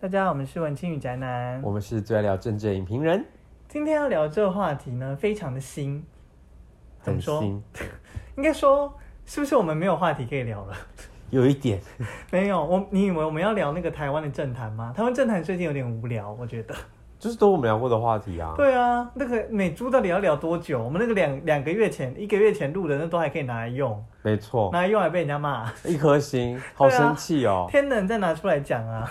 大家好，我們是文青與宅男，我們是最愛聊政治的影評人。今天要聊這個話題呢，非常的新。怎麼說？新 應該說，是不是我們沒有話題可以聊了？有一點。 沒有我，你以為我們要聊那個台灣的政壇嗎？台灣政壇最近有點無聊，我覺得。就是都我們聊過的話題啊。對啊，那個美豬到底要聊多久？我們那個兩兩個月前、一個月前錄的，那都還可以拿來用。沒錯錯。拿來用還被人家罵， 啊、一顆星，好生氣哦！ 天冷再拿出來講啊！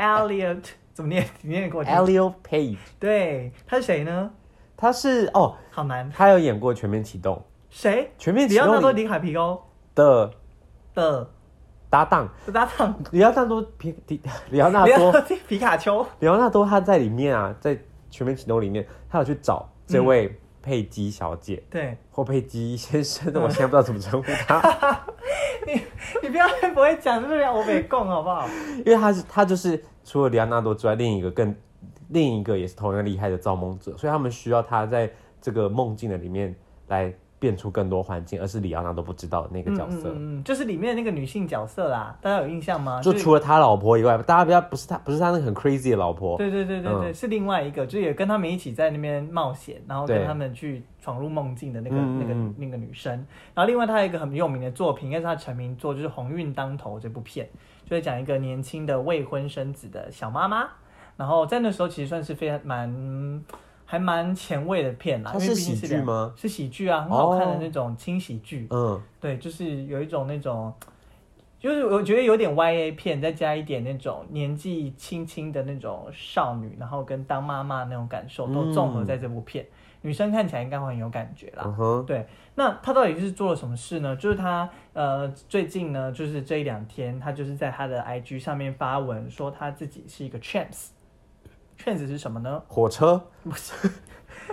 Elliot 怎麼念？你念給我聽。Elliot Page，對，他是誰呢？他是哦，好難。他有演過《全面啟動》。誰？全面啟動？李奧納多·迪卡皮歐。的的搭檔，搭檔。李奧納多皮李李奧納多皮卡丘。李奧納多他在裡面啊，在《全面啟動》裡面，他有去找這位佩姬小姐。對，或佩姬先生，那我現在不知道怎麼稱呼她。你你不要不會講，是不我歐美梗好不好？因為他是他就是。除了李奧納多之外，另一個更，另一個也是同樣厲害的造夢者，所以他們需要他在這個夢境的裡面來。變出更多環境，而是李奧納多都不知道的那個角色，嗯，就是裡面那個女性角色啦。大家有印象嗎？就除了他老婆以外，大家不要不是他，不是他那個很 crazy 的老婆。對對對對對，嗯、是另外一個，就也跟他們一起在那邊冒險，然後跟他們去闖入夢境的那個對那個那個女生。然後另外他有一個很有名的作品，應該是他成名作，就是《鴻孕當頭》這部片，就是講一個年輕的未婚生子的小媽媽，然後在那時候其實算是非常蠻。還蠻前衛的片啦，是因為畢竟是喜劇嗎？是喜劇啊，oh. 很好看的那種輕喜劇。嗯，對，就是有一種那種，就是我覺得有點 Y A 片，再加一點那種年紀輕輕的那種少女，然後跟當媽媽那種感受、嗯、都綜合在這部片，女生看起來應該會很有感覺啦。Uh huh. 對。那她到底是做了什麼事呢？就是她呃最近呢，就是這一兩天，她就是在她的 I G 上面發文說她自己是一個 trans。Trans 是什麼呢？火車？不是，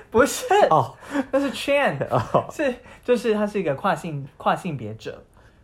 不是哦，那是 Trans 是就是他是一個跨性跨性別者，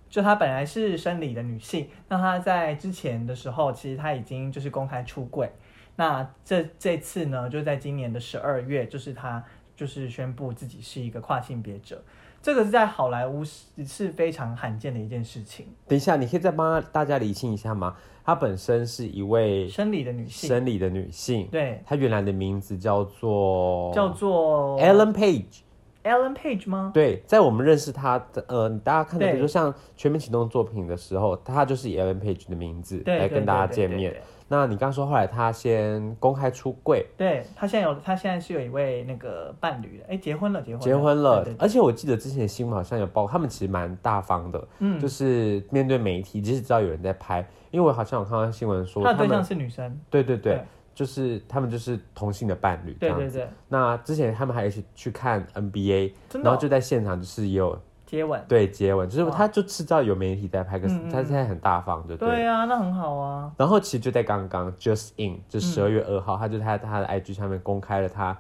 就他本來是生理的女性，那他在之前的時候，其實他已經就是公開出櫃，那這這次呢，就在今年的十二月，就是他就是宣布自己是一個跨性別者。這個是在好萊塢是是非常罕見的一件事情。等一下，你可以再幫大家理清一下嗎？她本身是一位生理的女性，生理的女性。對，她原來的名字叫做叫做 Ellen Page，Ellen Page 嗎？對，在我們認識她的呃，大家看到的對比如說像《全面啟動》作品的時候，她就是以 Ellen Page 的名字對來跟大家見面。對對對對對對那你剛剛說，後來他先公開出櫃對，對他現在有，他現在是有一位那個伴侶的，誒結婚了，結婚了結婚了，哎、而且我記得之前的新聞好像有報，他們其實蠻大方的，嗯，就是面對媒體，即使知道有人在拍，因為我好像有看到新聞說，他的對象是女生，對對對，對就是他們就是同性的伴侶，這樣子對對對。那之前他們還一起去看 NBA，、真的哦、然後就在現場就是也有。接吻對，接吻，就是他就知道有媒體在拍個，他、哦、現在很大方對，對、嗯、對啊，那很好啊。然後其實就在剛剛，just in，就十二月二號，嗯、他就他他的 IG 上面公開了他，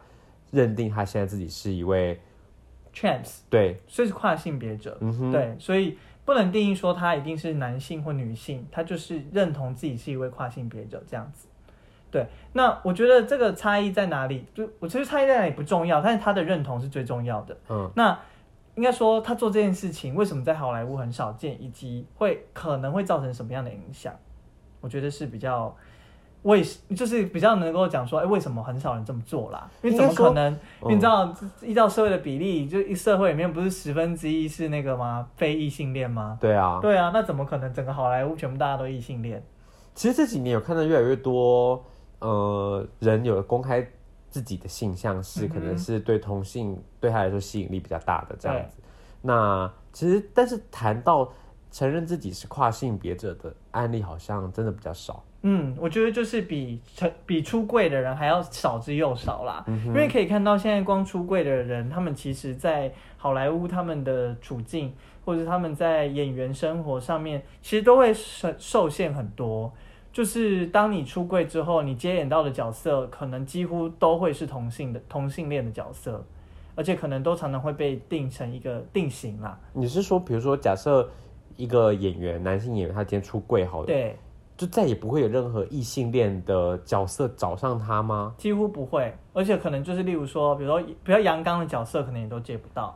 他認定他現在自己是一位 trans，對，所以是跨性別者，嗯哼，對，所以不能定義說他一定是男性或女性，他就是認同自己是一位跨性別者這樣子，對。那我覺得這個差異在哪裡？就我其實差異在哪裡不重要，但是他的認同是最重要的，嗯，那。應該說，他做這件事情為什麼在好萊塢很少見，以及會可能會造成什麼樣的影響？我覺得是比較，為就是比較能夠講說，哎，為什麼很少人這麼做啦？因為怎麼可能？你知道，依照社會的比例，就一社會裡面不是十分之一是那個嗎？非異性戀嗎？對啊，對啊，那怎麼可能整個好萊塢全部大家都異性戀？其實這幾年有看到越來越多，呃，人有公開。自己的性向是，可能是對同性，對他來說吸引力比較大的這樣子，嗯、那其實但是談到承認自己是跨性別者的案例，好像真的比較少。嗯，我覺得就是比成比出櫃的人還要少之又少啦。嗯嗯、因為可以看到現在光出櫃的人，他們其實在好萊塢他們的處境，或者他們在演員生活上面，其實都會受受限很多。就是當你出櫃之後，你接演到的角色可能幾乎都會是同性的同性戀的角色，而且可能都常常會被定成一個定型啦。你是說，比如說，假設一個演員，男性演員，他今天出櫃，好，對，就再也不會有任何異性戀的角色找上他嗎？幾乎不會，而且可能就是例如說，比如說比較陽剛的角色，可能也都接不到。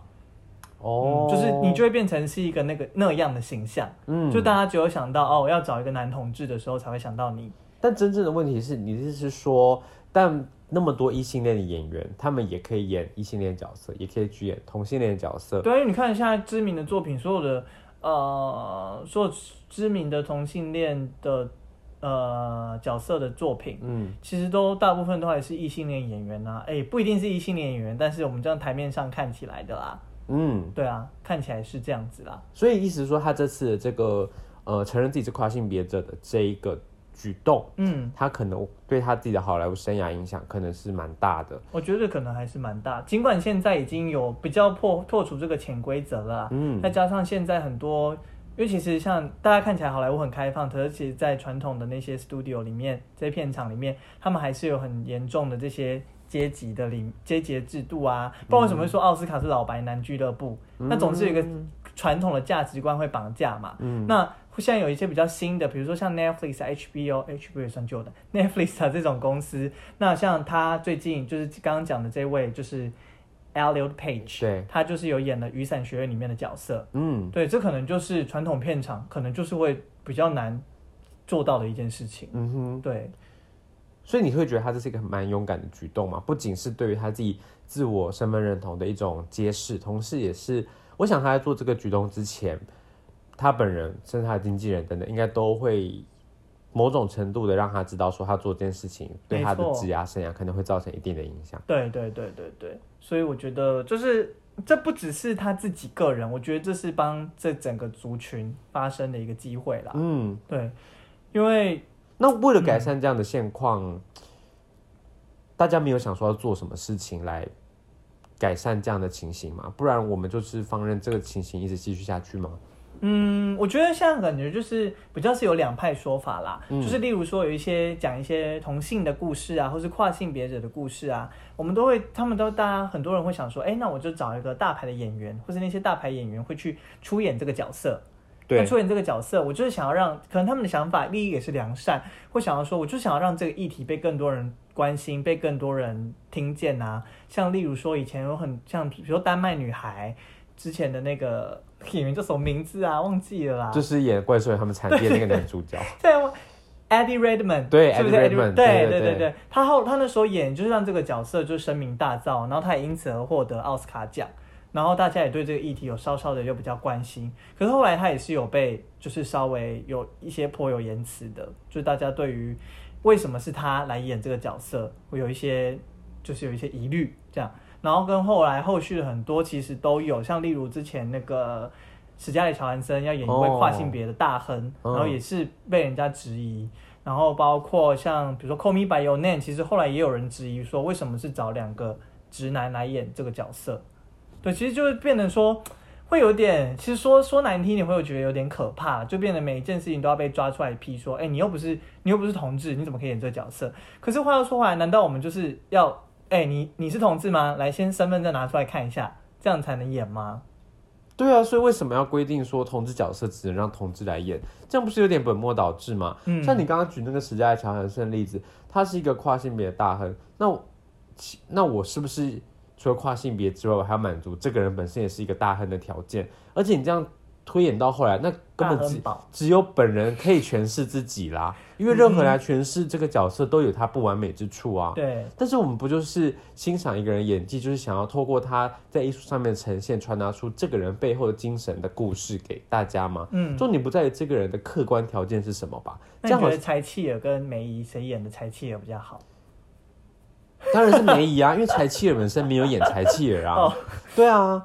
哦、 嗯，就是你就會變成是一個那個那樣的形象，嗯，就大家只有想到哦，我要找一個男同志的時候才會想到你。但真正的問題是，你的意思是說，但那麼多異性戀的演員，他們也可以演異性戀角色，也可以去演同性戀角色。對，因為你看現在知名的作品，所有的呃，所有知名的同性戀的呃角色的作品，嗯，其實都大部分都還是異性戀演員啊。哎，不一定是異性戀演員，但是我們這樣檯面上看起來的啦。嗯，對啊，看起來是這樣子啦。所以意思說，他這次的這個呃承認自己是跨性別者的這一個舉動，嗯，他可能對他自己的好萊塢生涯影響可能是蠻大的。我覺得可能還是蠻大，儘管現在已經有比較破破除這個潛規則了啊，嗯，再加上現在很多，因為其實像大家看起來好萊塢很開放，可是其實在傳統的那些 studio 裡面，這些片場裡面，他們還是有很嚴重的這些。階級的裡階級制度啊，不知道為什麼會說奧斯卡是老白、mm hmm. 男俱樂部。Mm hmm. 那總是有一個傳統的價值觀會綁架嘛。Mm hmm. 那現在有一些比較新的，比如說像 Netflix HBO，、mm、HBO，HBO、hmm. 也算舊的，Netflix、啊、這種公司。那像他最近就是剛剛講的這位，就是 Elliot Page，對、mm，hmm. 他就是有演了《雨傘學院》裡面的角色。嗯、mm，hmm. 對，這可能就是傳統片場，可能就是會比較難做到的一件事情。嗯哼、mm，hmm. 對。所以你會覺得他這是一個很蠻勇敢的舉動嗎？不僅是對於他自己自我身份認同的一種揭示，同時也是，我想他在做這個舉動之前，他本人甚至他的經紀人等等，應該都會某種程度的讓他知道，說他做這件事情對他的職業生涯可能會造成一定的影響。對對對對對，所以我覺得就是這不只是他自己個人，我覺得這是幫這整個族群發聲的一個機會啦。嗯，對，因為。那為了改善這樣的現況，嗯、大家沒有想說要做什麼事情來改善這樣的情形嗎？不然我們就是放任這個情形一直繼續下去嗎？嗯，我覺得現在感覺就是比較是有兩派說法啦，嗯、就是例如說有一些講一些同性的故事啊，或是跨性別者的故事啊，我們都會，他們都大家很多人會想說，哎、欸，那我就找一個大牌的演員，或是那些大牌演員會去出演這個角色。他對出演這個角色，我就是想要讓，可能他們的想法、利益也是良善，會想要說，我就想要讓這個議題被更多人關心，被更多人聽見吶、啊。像例如說，以前有很像，比如說丹麥女孩之前的那個演員叫什麼名字啊？忘記了啦。就是演怪獸他們產地那個男主角。對， 對，Eddie Redmayne 對。對，是不是？Eddie Redmayne 對對對對，對對對，他後他那時候演就是讓這個角色就聲名大噪，然後他也因此而獲得奧斯卡獎。然後大家也對這個議題有稍稍的又比較關心，可是後來他也是有被就是稍微有一些頗有言辭的，就大家對於為什麼是他來演這個角色，會有一些就是有一些疑慮這樣。然後跟後來後續的很多其實都有，像例如之前那個史嘉蕾·喬韓森要演一位跨性別的大亨，oh, 然後也是被人家質疑。嗯、然後包括像比如說《Call Me by Your Name》，其實後來也有人質疑說，為什麼是找兩個直男來演這個角色？其實就是變得說，會有點，其實說說難聽一點，會覺得有點可怕，就變得每一件事情都要被抓出來批說，哎、欸，你又不是，你又不是同志，你怎麼可以演這個角色？可是話又說回來，難道我們就是要，哎、欸，你你是同志嗎？來，先身份證拿出來看一下，這樣才能演嗎？對啊，所以為什麼要規定說同志角色只能讓同志來演？這樣不是有點本末倒置嗎？嗯、像你剛剛舉那個史嘉蕾喬韓森例子，他是一個跨性別大亨，那那我是不是？除了跨性別之外，我還要滿足這個人本身也是一個大亨的條件。而且你這樣推演到後來，那根本只只有本人可以詮釋自己啦。因為任何人來詮釋這個角色都有他不完美之處啊。對、嗯。但是我們不就是欣賞一個人演技，就是想要透過他在藝術上面呈現，傳達出這個人背後的精神的故事給大家嗎？嗯。重點不在於這個人的客觀條件是什麼吧？那你覺得柴契爾跟梅姨誰演的柴契爾比較好？當然是梅姨啊， 因為柴契爾本身沒有演柴契爾啊，oh. 對啊，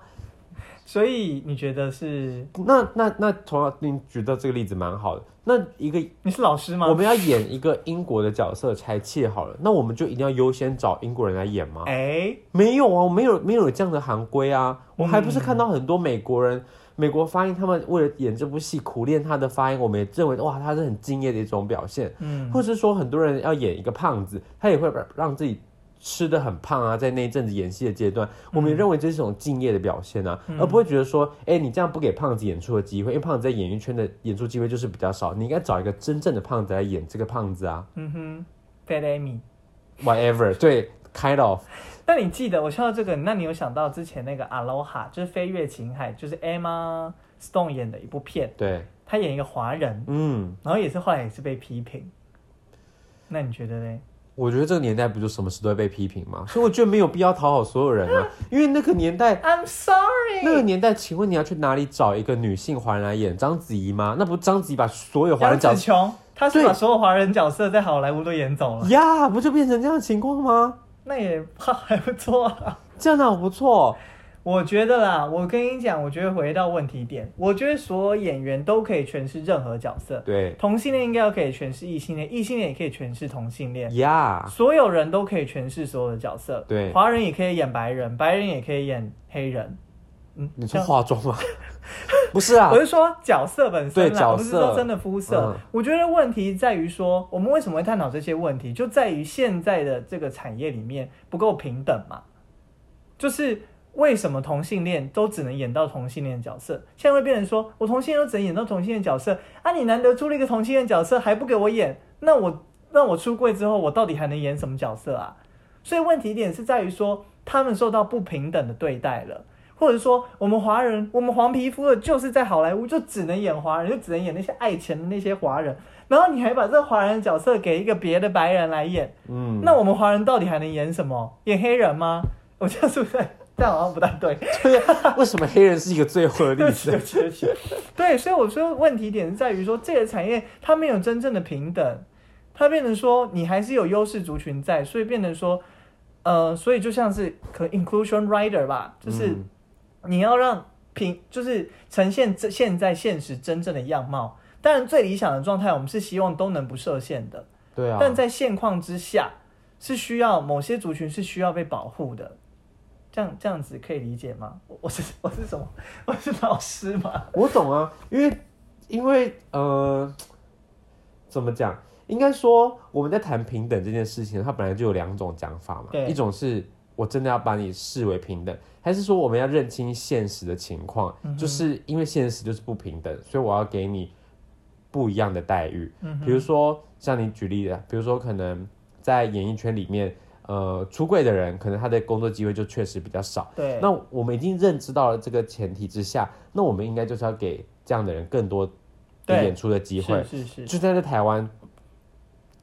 所以你覺得是？那那那同樣，你舉的這個例子蠻好的。那一個，你是老師嗎？我們要演一個英國的角色柴契爾好了， 那我們就一定要優先找英國人來演嗎？哎、欸，沒有啊，沒有沒有這樣的行規啊，嗯、我還不是看到很多美國人，美國發音，他們為了演這部戲苦練他的發音，我們也認為哇，他是很敬業的一種表現。嗯，或是說很多人要演一個胖子，他也會讓自己。吃的很胖啊，在那一陣子演戲的階段，我們認為這是一種敬業的表現啊，嗯、而不會覺得說，哎、欸，你這樣不給胖子演出的機會，因為胖子在演藝圈的演出機會就是比較少，你應該找一個真正的胖子來演這個胖子啊。嗯哼，Bad Amy，Whatever，對，Kind of。 開了但你記得我笑到這個，那你有想到之前那個 Aloha，就是《飛越情海》，就是 Emma Stone 演的一部片，對，他演一個華人，嗯，然後也是後來也是被批評，那你覺得呢？我覺得這個年代不就什麼事都會被批評嗎？ 所以我覺得沒有必要討好所有人啊， 因為那個年代，I'm sorry，那個年代，請問你要去哪裡找一個女性華人來演章子怡嗎？那不是章子怡把所有華人角色，楊紫瓊……她是把所有華人角色在好萊塢都演走了呀，對 yeah, 不就變成這樣的情況嗎？那也怕還不錯，啊， 這樣的不錯。我覺得啦，我跟你講，我覺得回到問題點，我覺得所有演員都可以詮釋任何角色。對，同性戀應該要可以詮釋異性戀，異性戀也可以詮釋同性戀。Yeah，Yeah 所有人都可以詮釋所有的角色。對，華人也可以演白人，白人也可以演黑人。嗯，你是化妝嗎、啊？樣 不是啊， 我是說角色本身啦，對，角色，我不是說真的膚色。嗯、我覺得問題在於說，我們為什麼會探討這些問題，就在於現在的這個產業裡面不夠平等嘛，就是。為什麼同性戀都只能演到同性戀角色？現在會變成說，我同性戀都只能演到同性戀角色啊！你難得租了一個同性戀角色還不給我演，那我那我出櫃之後我到底還能演什麼角色啊？所以問題點是在於說，他們受到不平等的對待了，或者說我們華人，我們黃皮膚的，就是在好萊塢就只能演華人，就只能演那些愛錢的那些華人，然後你還把這華人的角色給一個別的白人來演，嗯，那我們華人到底還能演什麼？演黑人嗎？我這樣是不是？這樣好像不太對。對，為什麼黑人是一個最壞的例子？ 對對對對對對。對，所以我說問題點是在於說這個產業它沒有真正的平等，它變成說你還是有優勢族群在，所以變成說，呃，所以就像是可 inclusion rider 吧，就是你要讓平，就是呈現現在現實真正的樣貌。當然，最理想的狀態我們是希望都能不設限的，對啊。但在現況之下，是需要某些族群是需要被保護的。這樣這樣子可以理解嗎？我，我是我是什麼？我是老師嗎？我懂啊，因為因為呃，怎麼講？應該說我們在談平等這件事情，它本來就有兩種講法嘛。對一種是我真的要把你視為平等，還是說我們要認清現實的情況？嗯、哼就是因為現實就是不平等，所以我要給你不一樣的待遇。嗯哼，比如說像你舉例的，比如說可能在演藝圈裡面。呃，出櫃的人可能他的工作機會就確實比較少。對，那我們已經認知到了這個前提之下，那我們應該就是要給這樣的人更多演出的機會。是是。是是，就在在台灣，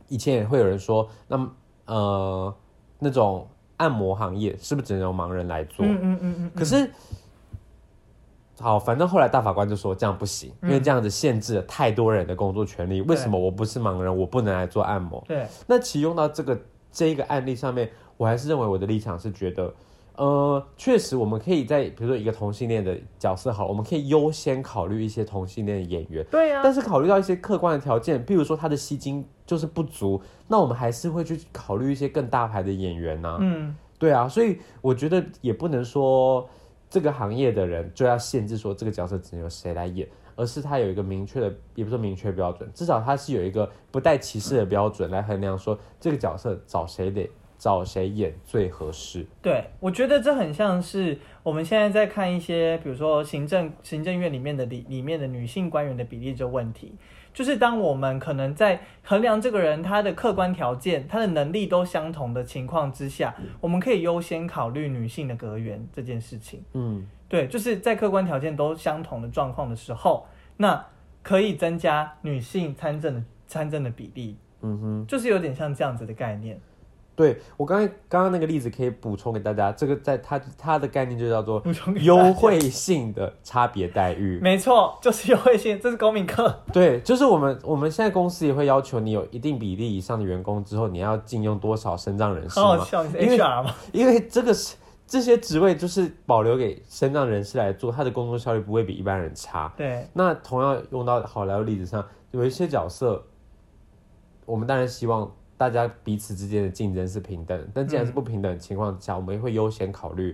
以前也會有人說，那麼呃，那種按摩行業是不是只能由盲人來做？嗯嗯嗯嗯、可是，好，反正後來大法官就說這樣不行，嗯、因為這樣子限制了太多人的工作權利。對為什麼我不是盲人，我不能來做按摩？對。那起用到這個。這一個案例上面，我還是認為我的立場是覺得，呃，確實我們可以在比如說一個同性戀的角色好，我們可以優先考慮一些同性戀的演員。對呀、啊，但是考慮到一些客觀的條件，譬如說他的吸金就是不足，那我們還是會去考慮一些更大牌的演員呢、啊。嗯，對啊，所以我覺得也不能說這個行業的人就要限制說這個角色只能由誰來演。而是他有一個明確的，也不是明確的標準，至少他是有一個不帶歧視的標準來衡量說，說這個角色找誰得找誰演最合適。對，我覺得這很像是我們現在在看一些，比如說行政行政院裡面的裡裡面的女性官員的比例這問題。就是當我們可能在衡量這個人，他的客觀條件、他的能力都相同的情況之下，我們可以優先考慮女性的閣員這件事情。嗯，對，就是在客觀條件都相同的狀況的時候，那可以增加女性參政的參政的比例。嗯哼，就是有點像這樣子的概念。對，我剛才剛剛那個例子，可以補充給大家。這個在它它的概念，就叫做優惠性的差別待遇。沒錯，就是優惠性，這是公民課。對，就是我們我們現在公司也會要求你有一定比例以上的員工之後，你要禁用多少身障人士嗎？好像是因爲 HR 嘛，嗎因為這個是這些職位就是保留給身障人士來做，他的工作效率不會比一般人差。對，那同樣用到好萊塢例子上，有一些角色，我們當然希望。大家彼此之間的競爭是平等，但既然是不平等的情況下，嗯、我們會優先考慮，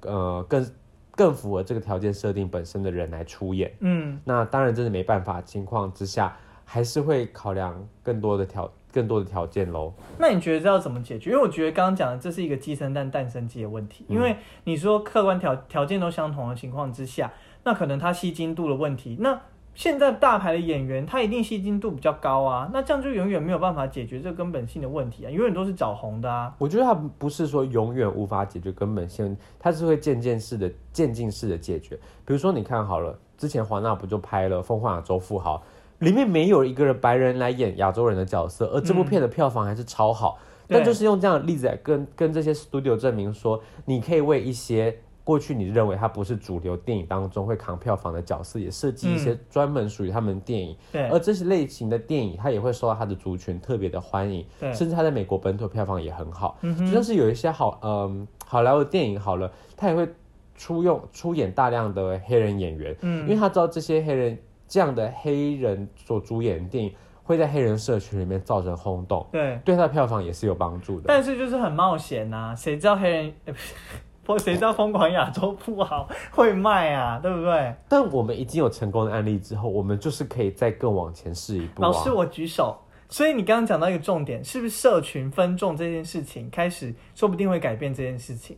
呃，更更符合這個條件設定本身的人來出演。嗯，那當然真的沒辦法，情況之下還是會考量更多的條更多的條件嘍。那你覺得這要怎麼解決？因為我覺得剛剛講的這是一個雞生蛋蛋生雞的問題，因為你說客觀條條件都相同的情況之下，那可能它吸睛度的問題，那。現在大牌的演員，他一定吸睛度比較高啊，那這樣就永遠沒有辦法解決這個根本性的問題啊，永遠都是找紅的啊。我覺得他不是說永遠無法解決根本性，他是會漸漸式的、漸進式的解決。比如說，你看好了，之前華納不就拍了《瘋狂亞洲富豪》，裡面沒有一個白人來演亞洲人的角色，而這部片的票房還是超好。嗯、但就是用這樣的例子來跟跟這些 studio 證明說，你可以為一些。過去你認為他不是主流電影當中會扛票房的角色，也設計一些專門屬於他們電影，嗯、而這些類型的電影他也會受到他的族群特別的歡迎，對甚至他在美國本土票房也很好。嗯、哼就像是有一些好，嗯、呃，好萊塢電影好了，他也會出用出演大量的黑人演員，嗯，因為他知道這些黑人這樣的黑人所主演的電影會在黑人社群裡面造成轟動，對，對他的票房也是有幫助的。但是就是很冒險吶、啊，誰知道黑人、欸我誰知道瘋狂亞洲富豪會賣啊，對不對？但我們已經有成功的案例之後，我們就是可以再更往前試一步，啊。老師，我舉手。所以你剛剛講到一個重點，是不是社群分眾這件事情開始，說不定會改變這件事情？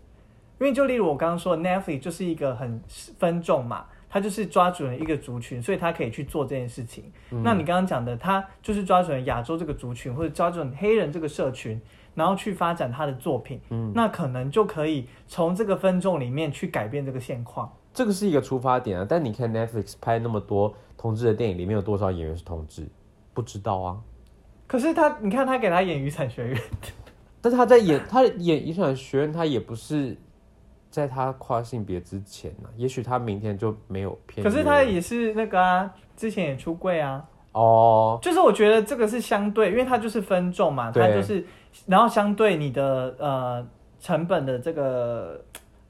因為就例如我剛剛說的，Netflix 就是一個很分眾嘛，他就是抓住了一個族群，所以他可以去做這件事情。嗯、那你剛剛講的，他就是抓住了亞洲這個族群，或者抓住了黑人這個社群。然後去發展他的作品，嗯，那可能就可以從這個分眾裡面去改變這個現況。這個是一個出發點啊，但你看 Netflix 拍那麼多同志的電影，裡面有多少演員是同志？不知道啊。可是他，你看他給他演《雨傘學院》，但是他在演 他演《雨傘學院》，他也不是在他跨性別之前呢、啊。也許他明天就沒有片。可是他也是那個啊，之前也出櫃啊。哦，oh, 就是我覺得這個是相對，因為他就是分眾嘛，對他就是。然後相對你的呃成本的這個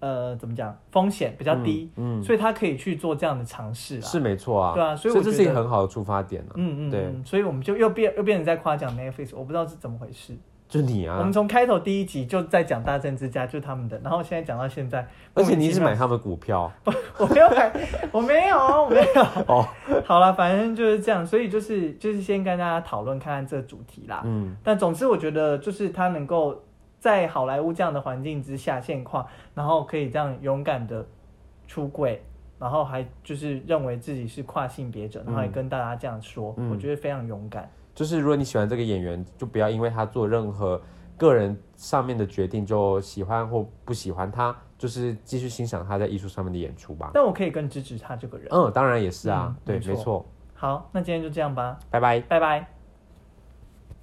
呃怎麼講，風險比較低，嗯，嗯，所以他可以去做這樣的嘗試。是沒錯啊，對啊，所以我這是一個很好的出發點。啊、嗯，嗯嗯，對，所以我們就又變又變成在誇獎 Netflix，我不知道是怎麼回事。就你啊！我們從開頭第一集就在講《大政之家》，就他們的，然後現在講到現在。而且你是買他們的股票？不，我沒有買，我沒有我沒有。哦，oh. 好了，反正就是這樣，所以就是就是先跟大家討論看看這主題啦。嗯。但總之，我覺得就是他能夠在好萊塢這樣的環境之下現況，然後可以這樣勇敢的出櫃，然後還就是認為自己是跨性別者，然後還跟大家這樣說，嗯、我覺得非常勇敢。就是如果你喜歡這個演員，就不要因為他做任何個人上面的決定就喜歡或不喜歡他，就是繼續欣賞他在藝術上面的演出吧。但我可以更支持他這個人。嗯，當然也是啊，嗯、對，沒錯。沒錯。好，那今天就這樣吧，拜拜，拜拜。